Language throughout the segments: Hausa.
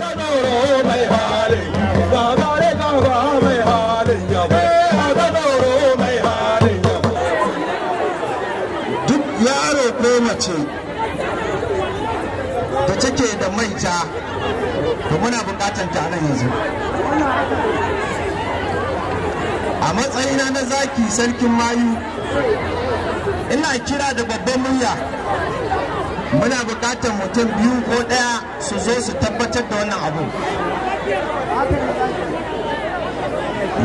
duk yaro ko mace da take da manja da muna bukatan ta nan yanzu a matsayina na zaki sarkin mayu ina kira da babban murya muna bukatar mutum biyu ko ɗaya su zo su tabbatar da wannan abu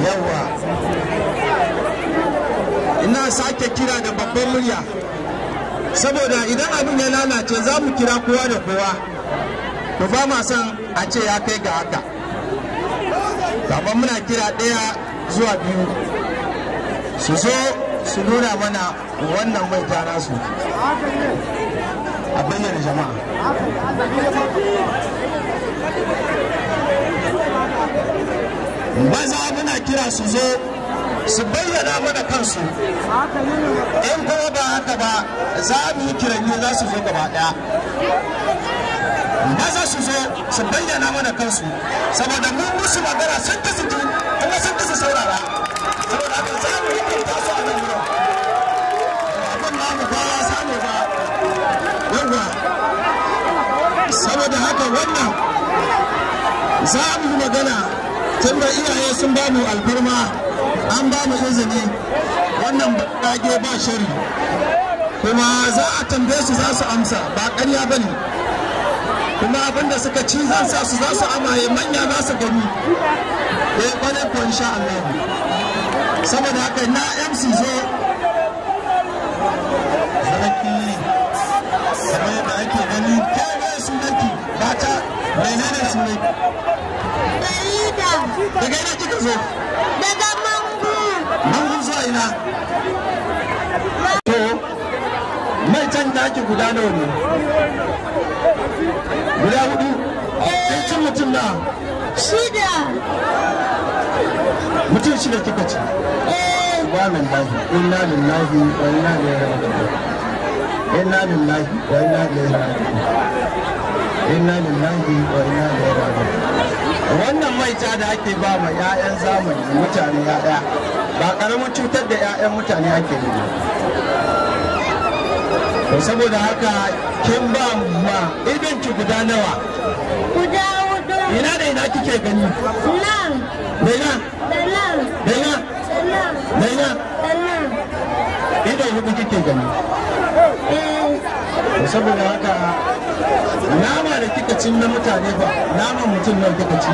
yawa ina sake kira da babban murya saboda idan abin ya lalace za mu kira kowa da kowa to ba ma san a ce ya kai ga haka kamar muna kira ɗaya zuwa biyu su zo su nuna mana wannan mai tara su a bayyana jama'a maza muna kira su zo su bayyana mana kansu in kuma ba haka ba za mu yi kiranni za su zo gaba daya maza su zo su bayyana mana kansu saboda mun musu magana sun ta sun kuma sun ta haka wannan za mu yi magana tun da iyaye sun ba mu alfarma an ba mu izini wannan bage ba shari kuma za a tambaye su za su amsa ba karya ba ne kuma abinda suka ci zan sa su za su amaye manya za su gani eh, ya kwane ko insha Allah saboda haka na MC zo sarki kamar yadda ake gani kere su daga ina kika zo daga mangu mangu ina to mai can guda nawa ne guda eh. mutum eh. na inna lillahi wa inna ilaihi raji'un inna lillahi wa inna ilaihi raji'un inna ja da ake ba ma 'ya'yan zamani da mutane 'ya'ya ba karamin cutar da 'ya'yan mutane ake yi ba saboda haka kin ba ma idan ki guda nawa guda hudu ina da ina kike gani nan daina daina daina daina daina idan hudu kike gani eh. saboda haka nama da kika ci na mutane ba nama mutum nan kika ci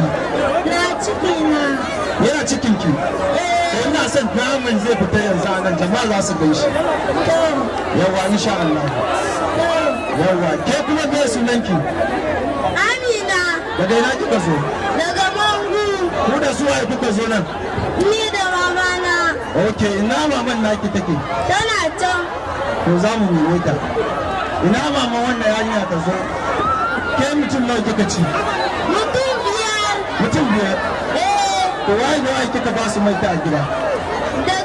na ciki na yana cikin ki eh. eh, ina son naman zai fita yanzu a nan jama'a za su gaishe yawa insha Allah yawa ke kuma me sunan ki Amina daga ina kika zo daga Mangu ku da su waye kuka zo nan ni da mamana ok ina maman naki take tana can Ko za mu nemi ta ina ma wanda yarinya ta zo ke mutum mai kika ci mutum biyar mutum biyar eh to waye da waye kika ba su mai ta gida da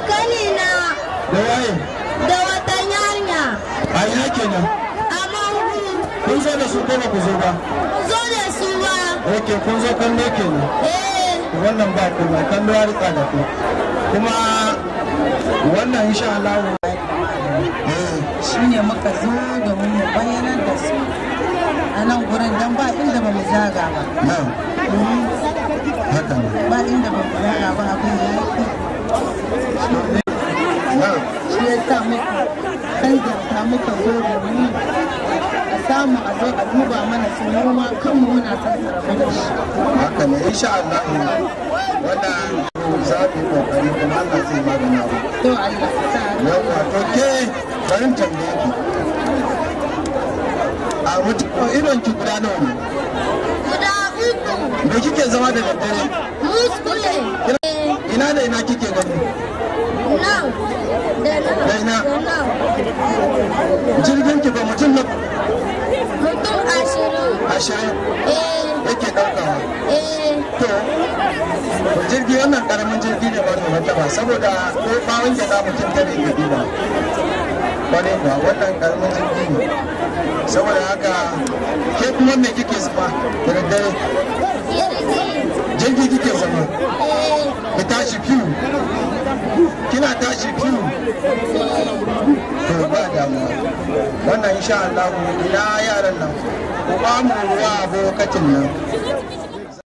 na da waye da wata yarinya a ina kenan amma kun zo da su ko ba ku zo ba zo da su ba ok kun zo kan ne kenan eh wannan ba ku mai kan ruwa rika da ku kuma wannan insha Allah eh shine muka zo domin mu bayyana da su a nan gurin don ba inda ba mu zaga ba ba inda ba mu zaga ba abin ya yi shi ya sa muka canza ta muka zo domin a samu a zai a duba mana su noma kanmu muna son sarrafa haka ne insha Allah Wanda za ku kokari kuma Allah zai magana ku to Allah ta yawa to ke bari tambaye ki a mutu irin ki guda nawa ne guda uku me kike zama da daddare muskule ina da ina kike gani nan da nan da nan jirgi wannan karamin jirgi ne ba mai martaba saboda ko bawon ya za mutum tare ga duba bane ba wannan karamin jirgi ne saboda haka ke kuma me kike zama da daddare jirgi kike zama ki tashi fiyu kina tashi fiyu to ba damuwa wannan insha Allah ina yaran nan ku ba mu ruwa abokatin nan